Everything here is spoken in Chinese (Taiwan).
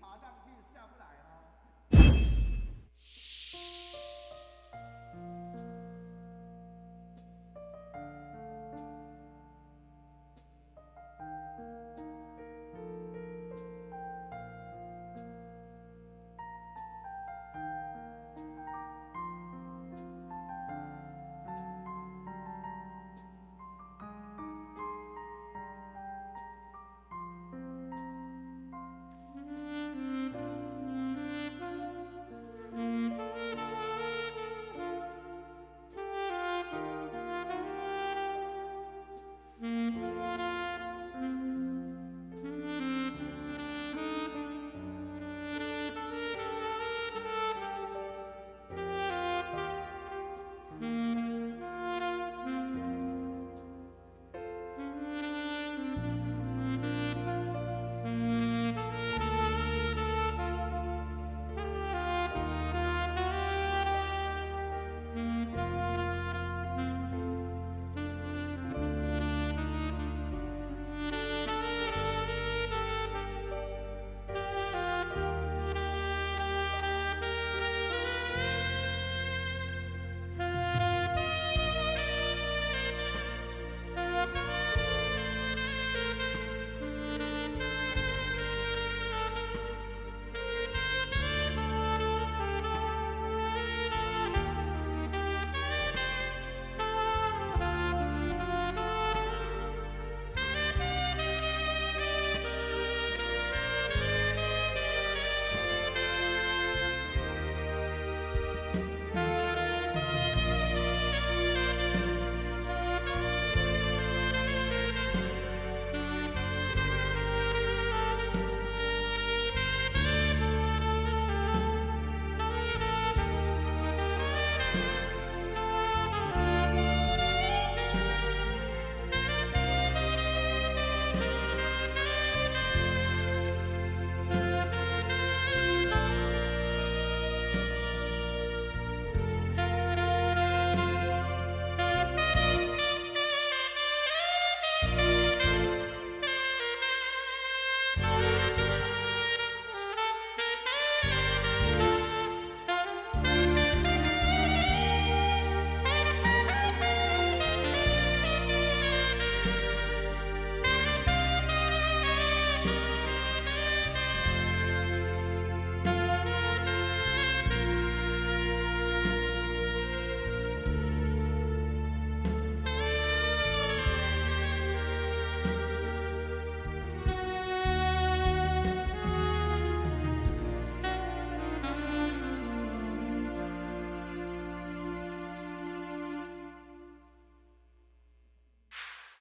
爬上去，下不來。